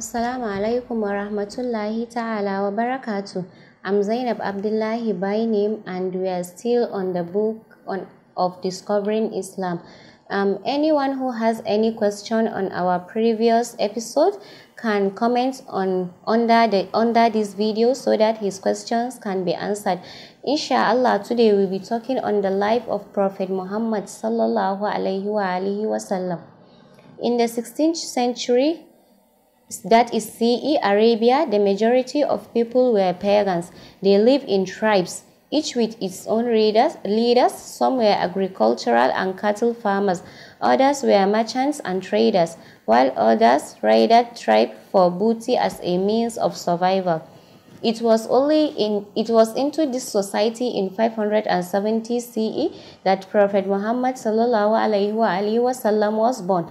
Assalamu alaikum wa rahmatullahi ta'ala wa barakatuh. I'm Zainab Abdullahi by name and we are still on the book on, of discovering Islam. Um, anyone who has any question on our previous episode can comment on under the under this video so that his questions can be answered inshallah today we'll be talking on the life of prophet muhammad sallallahu alaihi wasallam in the 16th century that is CE Arabia, the majority of people were pagans. They lived in tribes, each with its own leaders. leaders. Some were agricultural and cattle farmers, others were merchants and traders, while others raided tribe for booty as a means of survival. It was only in it was into this society in 570 CE that Prophet Muhammad sallallahu alaihi wasallam was born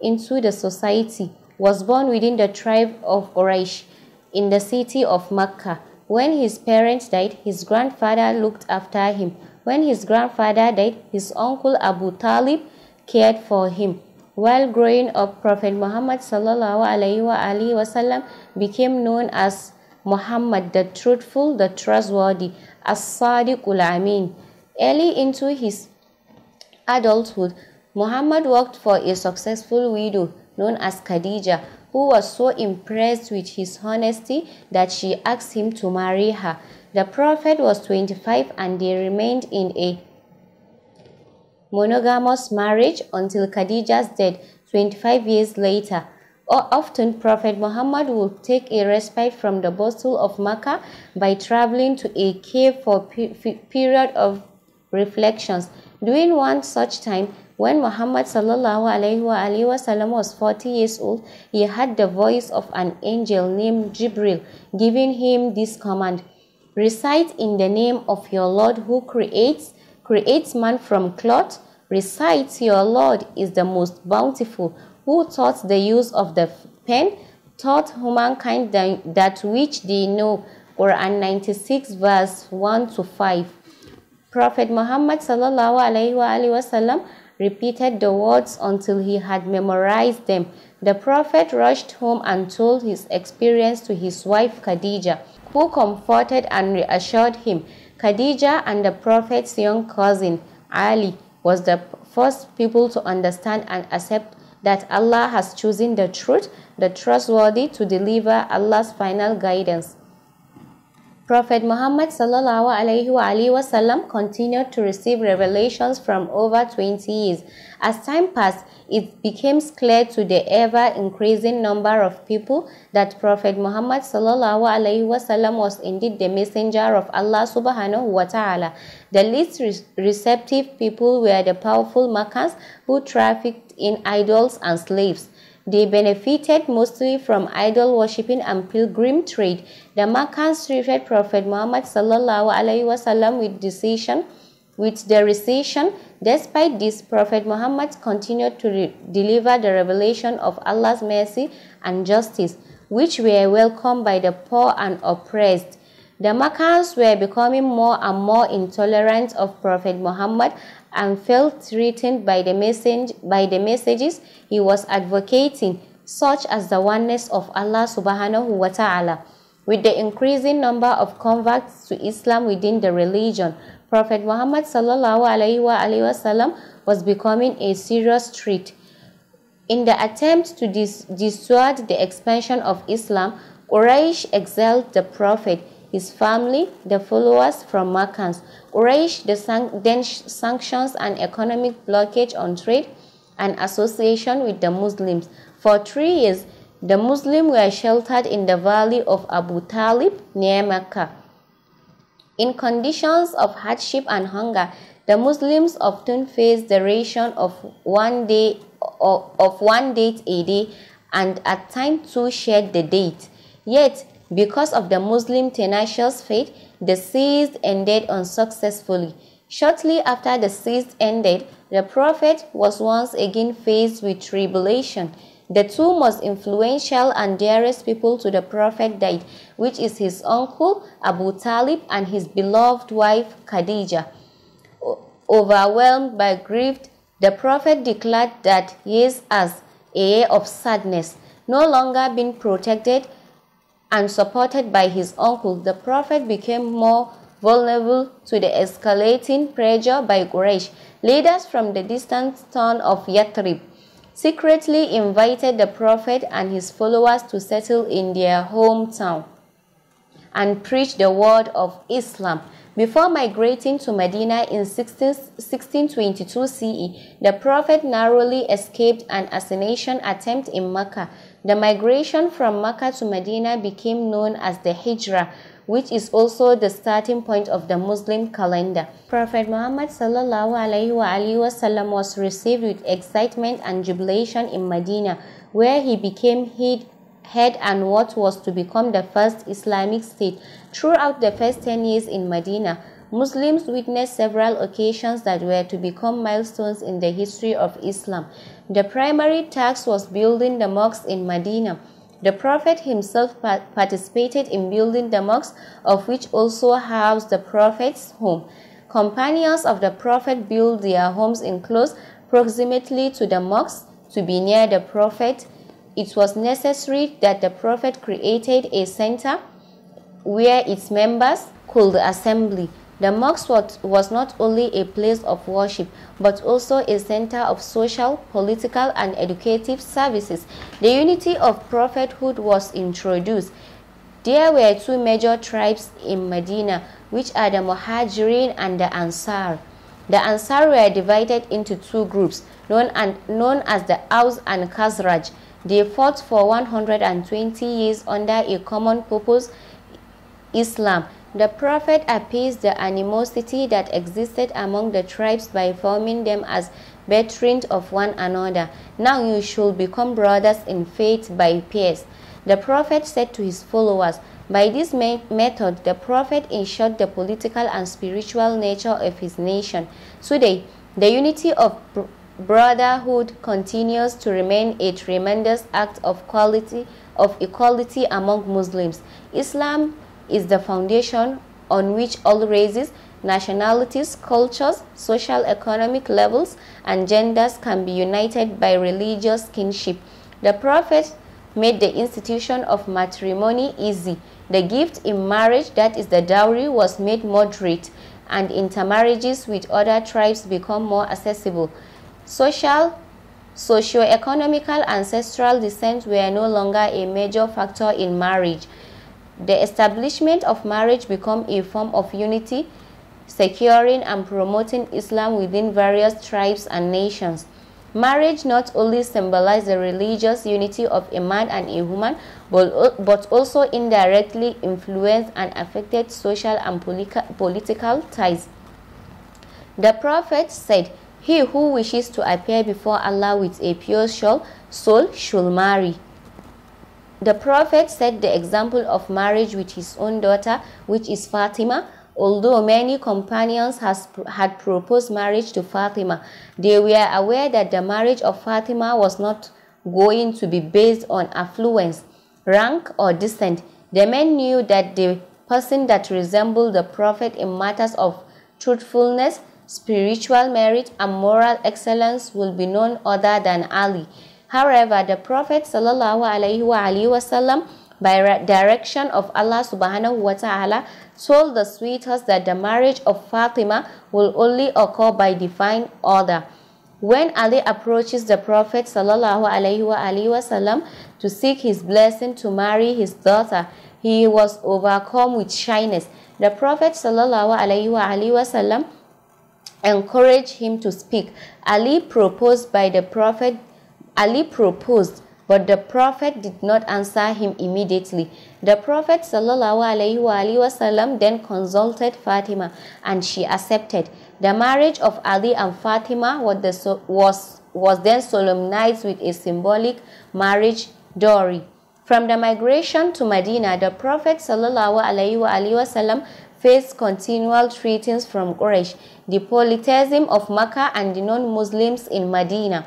into the society was born within the tribe of Quraysh in the city of Mecca. When his parents died, his grandfather looked after him. When his grandfather died, his uncle Abu Talib cared for him. While growing up, Prophet Muhammad became known as Muhammad the Truthful, the Trustworthy, As-Sadiqul Amin. Early into his adulthood, Muhammad worked for a successful widow known as Khadija, who was so impressed with his honesty that she asked him to marry her. The Prophet was 25 and they remained in a monogamous marriage until Khadija's death 25 years later. Often, Prophet Muhammad would take a respite from the bustle of Mecca by traveling to a cave for a period of reflections. During one such time, when Muhammad وسلم, was 40 years old, he had the voice of an angel named Jibril giving him this command Recite in the name of your Lord who creates, creates man from cloth. Recite, your Lord is the most bountiful, who taught the use of the pen, taught humankind that which they know. Quran 96, verse 1 to 5. Prophet Muhammad sallallahu alaihi wasallam repeated the words until he had memorized them. The Prophet rushed home and told his experience to his wife Khadija, who comforted and reassured him. Khadija and the Prophet's young cousin, Ali, was the first people to understand and accept that Allah has chosen the truth, the trustworthy, to deliver Allah's final guidance. Prophet Muhammad wasallam continued to receive revelations from over 20 years. As time passed, it became clear to the ever-increasing number of people that Prophet Muhammad wasallam was indeed the messenger of Allah subhanahu wa ta'ala. The least receptive people were the powerful Makkans who trafficked in idols and slaves. They benefited mostly from idol worshipping and pilgrim trade. The Makkans treated Prophet Muhammad wasallam with decision with the Despite this, Prophet Muhammad continued to deliver the revelation of Allah's mercy and justice, which were welcomed by the poor and oppressed. The Makkans were becoming more and more intolerant of Prophet Muhammad and felt threatened by the, message, by the messages he was advocating, such as the oneness of Allah subhanahu wa ta'ala. With the increasing number of converts to Islam within the religion, Prophet Muhammad sallallahu alaihi wasallam was becoming a serious threat. In the attempt to dis dissuade the expansion of Islam, Quraysh exiled the Prophet his family, the followers from Makkans. Quraysh the san then sanctions an economic blockage on trade and association with the Muslims. For three years, the Muslims were sheltered in the valley of Abu Talib near Mecca. In conditions of hardship and hunger, the Muslims often faced the ration of one day of one date a day and at times two shared the date. Yet because of the Muslim tenacious faith, the siege ended unsuccessfully. Shortly after the siege ended, the Prophet was once again faced with tribulation. The two most influential and dearest people to the Prophet died, which is his uncle Abu Talib and his beloved wife Khadija. Overwhelmed by grief, the Prophet declared that he is as a year of sadness, no longer being protected and supported by his uncle, the Prophet became more vulnerable to the escalating pressure by Quraysh. Leaders from the distant town of Yathrib secretly invited the Prophet and his followers to settle in their hometown and preach the word of Islam. Before migrating to Medina in 1622 CE, the Prophet narrowly escaped an assassination attempt in Mecca. The migration from Mecca to Medina became known as the Hijra, which is also the starting point of the Muslim calendar. Prophet Muhammad wasallam was received with excitement and jubilation in Medina, where he became head head and what was to become the first Islamic state. Throughout the first 10 years in Medina, Muslims witnessed several occasions that were to become milestones in the history of Islam. The primary task was building the mosques in Medina. The Prophet himself participated in building the mosques, of which also housed the Prophet's home. Companions of the Prophet built their homes in close proximity to the mosques to be near the Prophet. It was necessary that the Prophet created a center where its members could assemble the mosque was, not only a place of worship, but also a center of social, political, and educative services. The unity of prophethood was introduced. There were two major tribes in Medina, which are the Muhajirin and the Ansar. The Ansar were divided into two groups, known, and, known as the Aus and Khazraj. They fought for 120 years under a common purpose, Islam. The prophet appeased the animosity that existed among the tribes by forming them as brethren of one another. Now you should become brothers in faith by peace. The prophet said to his followers, by this method, the prophet ensured the political and spiritual nature of his nation. Today, the unity of brotherhood continues to remain a tremendous act of, quality, of equality among Muslims. Islam is the foundation on which all races, nationalities, cultures, social economic levels, and genders can be united by religious kinship. The Prophet made the institution of matrimony easy. The gift in marriage, that is the dowry, was made moderate, and intermarriages with other tribes become more accessible. Social, socio-economical ancestral descent were no longer a major factor in marriage. The establishment of marriage became a form of unity, securing and promoting Islam within various tribes and nations. Marriage not only symbolizes the religious unity of a man and a woman, but, but also indirectly influenced and affected social and political ties. The Prophet said, He who wishes to appear before Allah with a pure soul, soul should marry. The Prophet set the example of marriage with his own daughter, which is Fatima. Although many companions has, had proposed marriage to Fatima, they were aware that the marriage of Fatima was not going to be based on affluence, rank, or descent. The men knew that the person that resembled the Prophet in matters of truthfulness, spiritual merit, and moral excellence will be none other than Ali. However, the Prophet ﷺ, by direction of Allah subhanahu wa ta'ala told the suitors that the marriage of Fatima will only occur by divine order. When Ali approaches the Prophet ﷺ to seek his blessing to marry his daughter, he was overcome with shyness. The Prophet ﷺ encouraged him to speak. Ali proposed by the Prophet Ali proposed, but the Prophet did not answer him immediately. The Prophet وسلم, then consulted Fatima and she accepted. The marriage of Ali and Fatima was, the, was, was then solemnized with a symbolic marriage dowry. From the migration to Medina, the Prophet وسلم, faced continual threats from Quraysh, the polytheism of Mecca and the non-Muslims in Medina.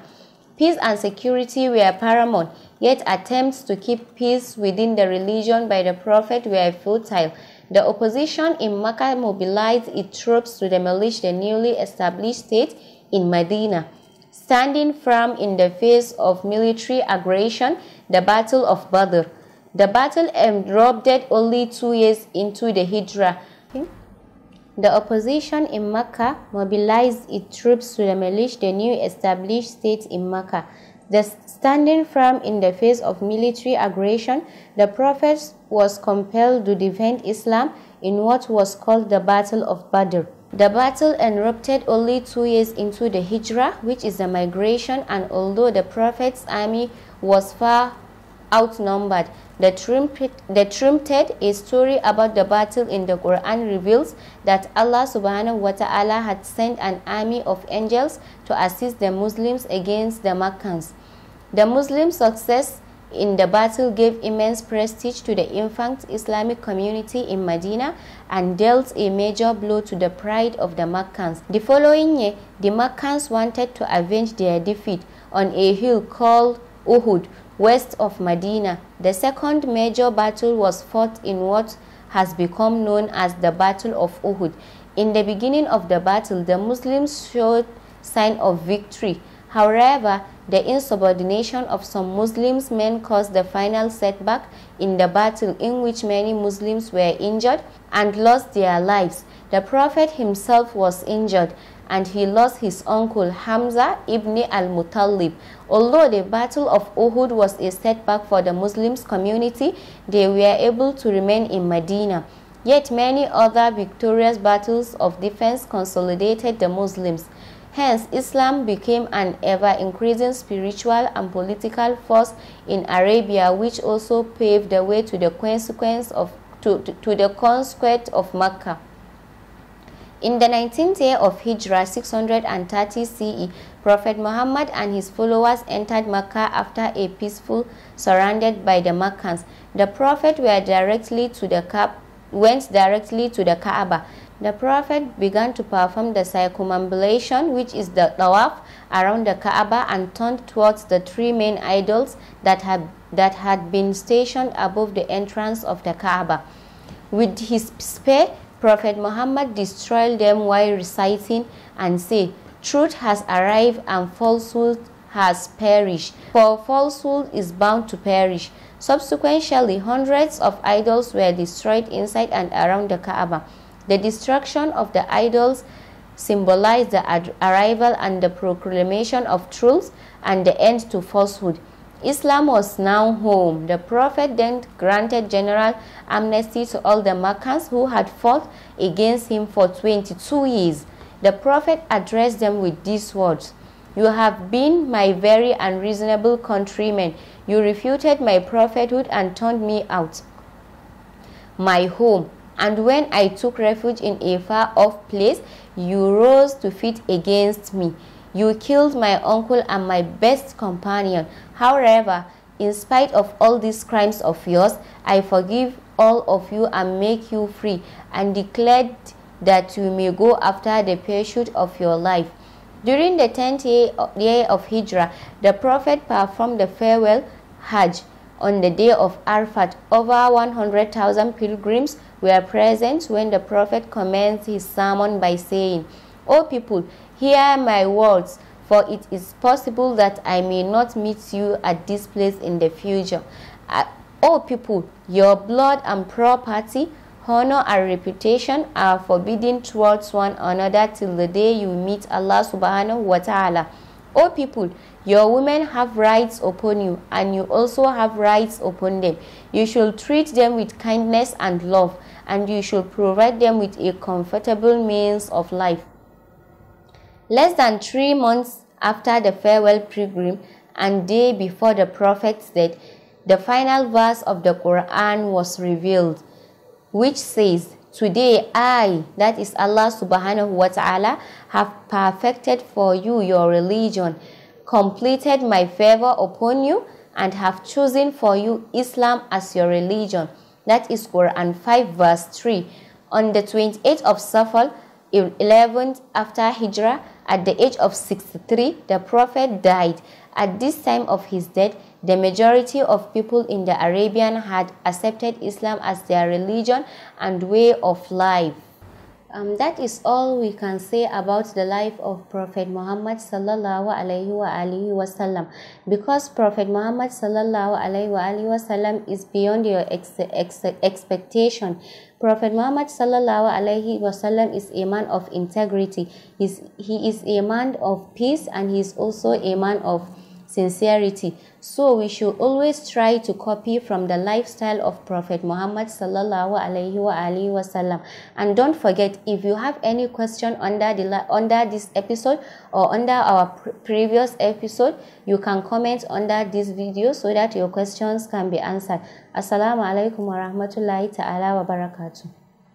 Peace and security were paramount, yet attempts to keep peace within the religion by the Prophet were futile. The opposition in Mecca mobilized its troops to demolish the newly established state in Medina. Standing firm in the face of military aggression, the Battle of Badr. The battle erupted only two years into the Hijra, the opposition in Mecca mobilized its troops to demolish the new established state in Mecca. standing firm in the face of military aggression, the Prophet was compelled to defend Islam in what was called the Battle of Badr. The battle erupted only two years into the Hijrah, which is the migration, and although the Prophet's army was far outnumbered, the Trimted, a story about the battle in the Quran, reveals that Allah subhanahu wa ta'ala had sent an army of angels to assist the Muslims against the Makkans. The Muslim success in the battle gave immense prestige to the infant Islamic community in Medina and dealt a major blow to the pride of the Makkans. The following year, the Makkans wanted to avenge their defeat on a hill called Uhud, west of Medina. The second major battle was fought in what has become known as the Battle of Uhud. In the beginning of the battle, the Muslims showed sign of victory. However, the insubordination of some Muslims men caused the final setback in the battle in which many Muslims were injured and lost their lives. The Prophet himself was injured and he lost his uncle Hamza ibn al-Muttalib. Although the Battle of Uhud was a setback for the Muslims community, they were able to remain in Medina. Yet many other victorious battles of defense consolidated the Muslims. Hence, Islam became an ever-increasing spiritual and political force in Arabia, which also paved the way to the consequence of to, to, to the conquest of Mecca. In the 19th year of Hijrah 630 CE, Prophet Muhammad and his followers entered Mecca after a peaceful surrounded by the Makkans. The Prophet were directly to the went directly to the Kaaba. The Prophet began to perform the circumambulation, which is the tawaf, around the Kaaba and turned towards the three main idols that had, that had been stationed above the entrance of the Kaaba. With his spear, Prophet Muhammad destroyed them while reciting and said, Truth has arrived and falsehood has perished, for falsehood is bound to perish. Subsequently, hundreds of idols were destroyed inside and around the Kaaba. The destruction of the idols symbolized the arrival and the proclamation of truth and the end to falsehood. Islam was now home. The Prophet then granted general amnesty to all the Makkans who had fought against him for 22 years. The Prophet addressed them with these words, You have been my very unreasonable countrymen. You refuted my prophethood and turned me out my home. And when I took refuge in a far-off place, you rose to fight against me. You killed my uncle and my best companion. However, in spite of all these crimes of yours, I forgive all of you and make you free, and declared that you may go after the pursuit of your life. During the tenth year of Hijrah, the Prophet performed the farewell Hajj on the day of Arfat. Over 100,000 pilgrims were present when the Prophet commenced his sermon by saying, O people, hear my words, for it is possible that I may not meet you at this place in the future. O people, your blood and property, honor and reputation are forbidden towards one another till the day you meet Allah subhanahu wa ta'ala. O people, your women have rights upon you, and you also have rights upon them. You should treat them with kindness and love, and you should provide them with a comfortable means of life. Less than three months after the farewell pilgrim and day before the prophet's death, the final verse of the Quran was revealed, which says, Today I, that is Allah subhanahu wa ta'ala, have perfected for you your religion, completed my favor upon you, and have chosen for you Islam as your religion. That is Quran 5 verse 3. On the 28th of Safal, 11th after Hijrah, at the age of 63, the prophet died. At this time of his death, the majority of people in the Arabian had accepted Islam as their religion and way of life. Um, that is all we can say about the life of Prophet Muhammad sallallahu alaihi wa alihi wasallam because Prophet Muhammad sallallahu alaihi wa alihi wasallam is beyond your ex ex expectation Prophet Muhammad sallallahu alaihi wasallam is a man of integrity. He's, he is a man of peace and he is also a man of sincerity. So we should always try to copy from the lifestyle of Prophet Muhammad sallallahu alaihi wa alihi wasallam. And don't forget, if you have any question under the under this episode or under our previous episode, you can comment under this video so that your questions can be answered. Assalamu alaikum wa rahmatullahi ta'ala wa barakatuh.